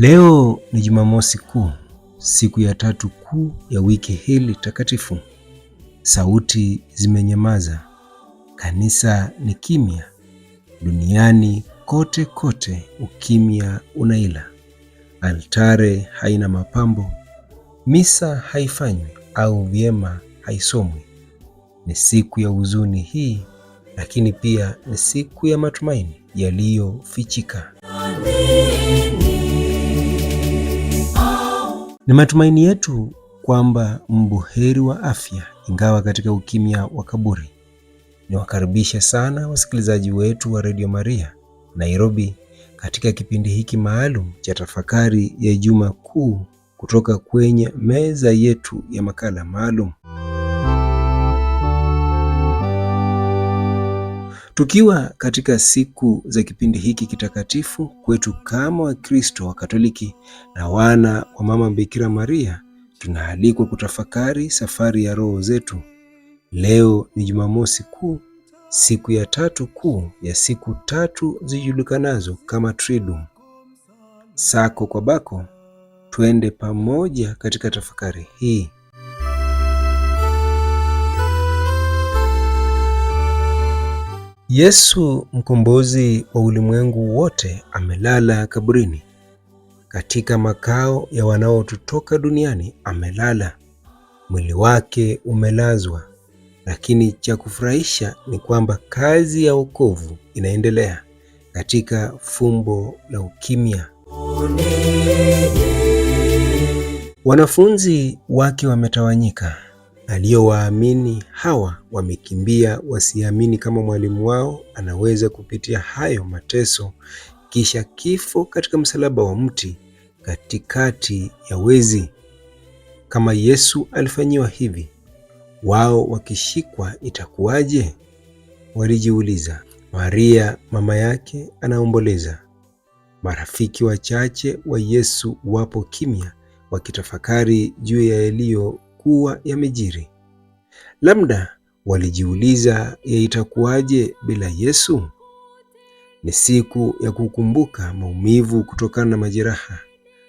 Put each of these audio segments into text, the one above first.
Leo ni Jumamosi Kuu, siku ya tatu kuu ya wiki hili takatifu. Sauti zimenyamaza, kanisa ni kimya. Duniani kote kote ukimya unaila. Altare haina mapambo, misa haifanywi au vyema haisomwi. Ni siku ya huzuni hii, lakini pia ni siku ya matumaini yaliyofichika. Ni matumaini yetu kwamba mbuheri wa afya, ingawa katika ukimya wa kaburi. Niwakaribishe sana wasikilizaji wetu wa Redio Maria Nairobi katika kipindi hiki maalum cha tafakari ya Juma Kuu kutoka kwenye meza yetu ya makala maalum. Tukiwa katika siku za kipindi hiki kitakatifu kwetu kama Wakristo wa Katoliki na wana wa Mama Bikira Maria, tunaalikwa kutafakari safari ya roho zetu. Leo ni Jumamosi Kuu, siku ya tatu kuu ya siku tatu zijulikanazo kama Triduum. Sako kwa bako, twende pamoja katika tafakari hii. Yesu mkombozi wa ulimwengu wote amelala kaburini. Katika makao ya wanaotutoka duniani amelala. Mwili wake umelazwa, lakini cha kufurahisha ni kwamba kazi ya wokovu inaendelea katika fumbo la ukimya. Wanafunzi wake wametawanyika aliyowaamini hawa wamekimbia wasiamini kama mwalimu wao anaweza kupitia hayo mateso kisha kifo katika msalaba wa mti katikati ya wezi kama Yesu alifanyiwa hivi wao wakishikwa itakuwaje walijiuliza Maria mama yake anaomboleza marafiki wachache wa Yesu wapo kimya wakitafakari juu ya yaliyo yalikuwa yamejiri. Labda walijiuliza ya itakuwaje bila Yesu? Ni siku ya kukumbuka maumivu kutokana na majeraha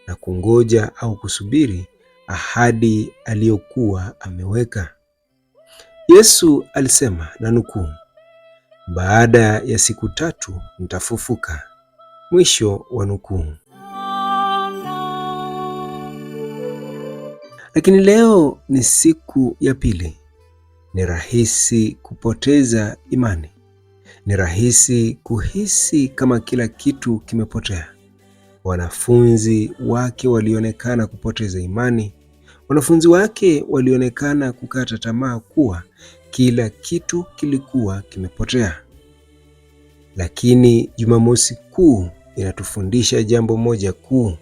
na kungoja au kusubiri ahadi aliyokuwa ameweka. Yesu alisema na nukuu, baada ya siku tatu nitafufuka. Mwisho wa nukuu. Lakini leo ni siku ya pili. Ni rahisi kupoteza imani. Ni rahisi kuhisi kama kila kitu kimepotea. Wanafunzi wake walionekana kupoteza imani. Wanafunzi wake walionekana kukata tamaa kuwa kila kitu kilikuwa kimepotea. Lakini Jumamosi Kuu inatufundisha jambo moja kuu: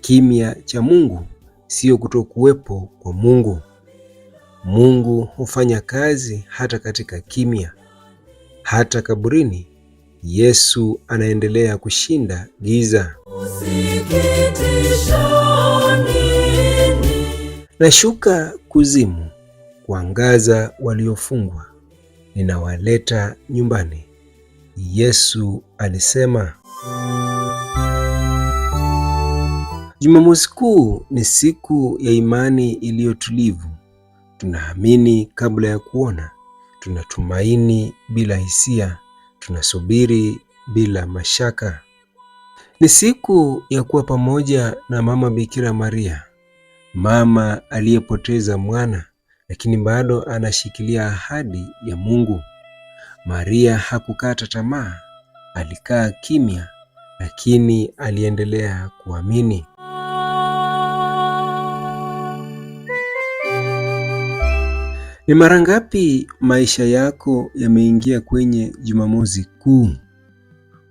kimya cha Mungu sio kutokuwepo kwa Mungu. Mungu hufanya kazi hata katika kimya, hata kaburini. Yesu anaendelea kushinda giza. Nashuka kuzimu kuangaza waliofungwa, ninawaleta nyumbani, Yesu alisema. Jumamosi Kuu ni siku ya imani iliyotulivu. Tunaamini kabla ya kuona, tunatumaini bila hisia, tunasubiri bila mashaka. Ni siku ya kuwa pamoja na mama Bikira Maria, mama aliyepoteza mwana lakini bado anashikilia ahadi ya Mungu. Maria hakukata tamaa, alikaa kimya, lakini aliendelea kuamini. Ni mara ngapi maisha yako yameingia kwenye Jumamosi Kuu?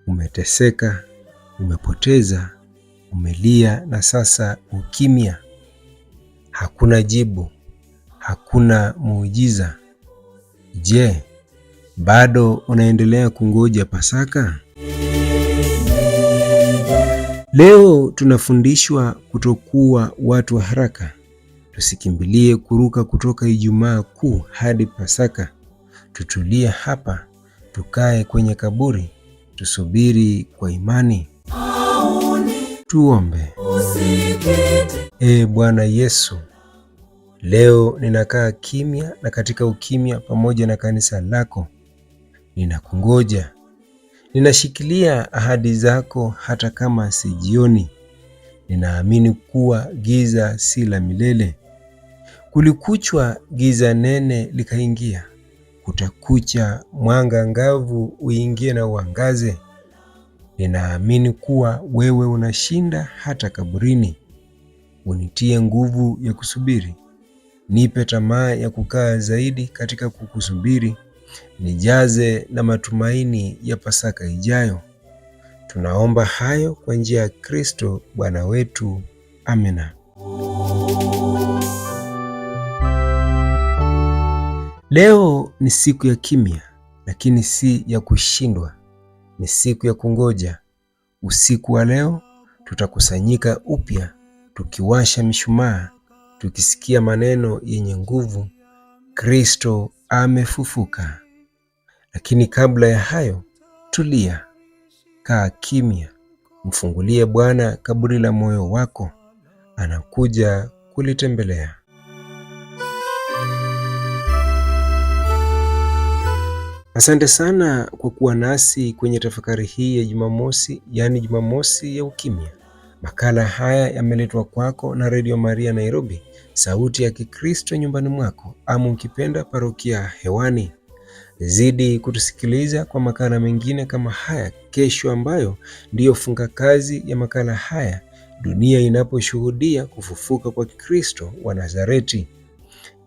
Umeteseka, umepoteza, umelia na sasa ukimya. Hakuna jibu, hakuna muujiza. Je, bado unaendelea kungoja Pasaka? Leo tunafundishwa kutokuwa watu wa haraka tusikimbilie kuruka kutoka Ijumaa Kuu hadi Pasaka. Tutulie hapa, tukae kwenye kaburi, tusubiri kwa imani. Tuombe. E Bwana Yesu, leo ninakaa kimya na katika ukimya pamoja na kanisa lako ninakungoja, ninashikilia ahadi zako hata kama sijioni. Ninaamini kuwa giza si la milele. Kulikuchwa giza nene likaingia, kutakucha mwanga ngavu uingie na uangaze. Ninaamini kuwa wewe unashinda hata kaburini. Unitie nguvu ya kusubiri, nipe tamaa ya kukaa zaidi katika kukusubiri, nijaze na matumaini ya Pasaka ijayo. Tunaomba hayo kwa njia ya Kristo Bwana wetu. Amina. Leo ni siku ya kimya, lakini si ya kushindwa. Ni siku ya kungoja. Usiku wa leo tutakusanyika upya, tukiwasha mishumaa, tukisikia maneno yenye nguvu, Kristo amefufuka. Lakini kabla ya hayo, tulia, kaa kimya, mfungulie Bwana kaburi la moyo wako, anakuja kulitembelea. Asante sana kwa kuwa nasi kwenye tafakari hii ya Jumamosi, yaani Jumamosi ya Ukimya. Makala haya yameletwa kwako na Redio Maria Nairobi, sauti ya Kikristo nyumbani mwako, ama ukipenda parokia hewani. Zidi kutusikiliza kwa makala mengine kama haya kesho, ambayo ndiyo funga kazi ya makala haya, dunia inaposhuhudia kufufuka kwa kikristo wa Nazareti.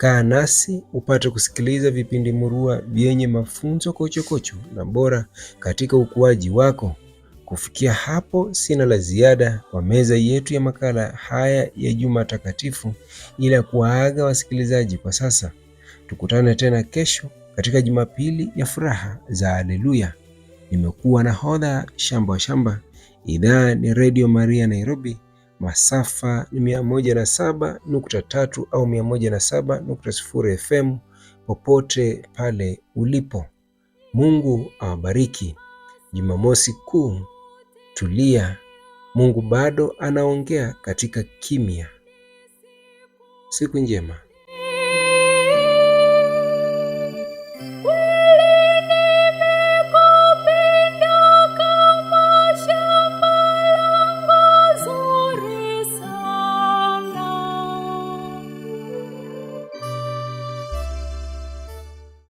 Kaa nasi upate kusikiliza vipindi murua vyenye mafunzo kochokocho -kocho na bora katika ukuaji wako. Kufikia hapo, sina la ziada kwa meza yetu ya makala haya ya Juma Takatifu ila kuwaaga wasikilizaji kwa sasa. Tukutane tena kesho katika Jumapili ya furaha za aleluya Nimekuwa nahodha Shamba wa Shamba, idhaa ni Redio Maria Nairobi masafa ni mia moja na saba nukta tatu au mia moja na saba nukta sifuri FM popote pale ulipo. Mungu awabariki. Jumamosi Kuu, tulia. Mungu bado anaongea katika kimya. Siku njema.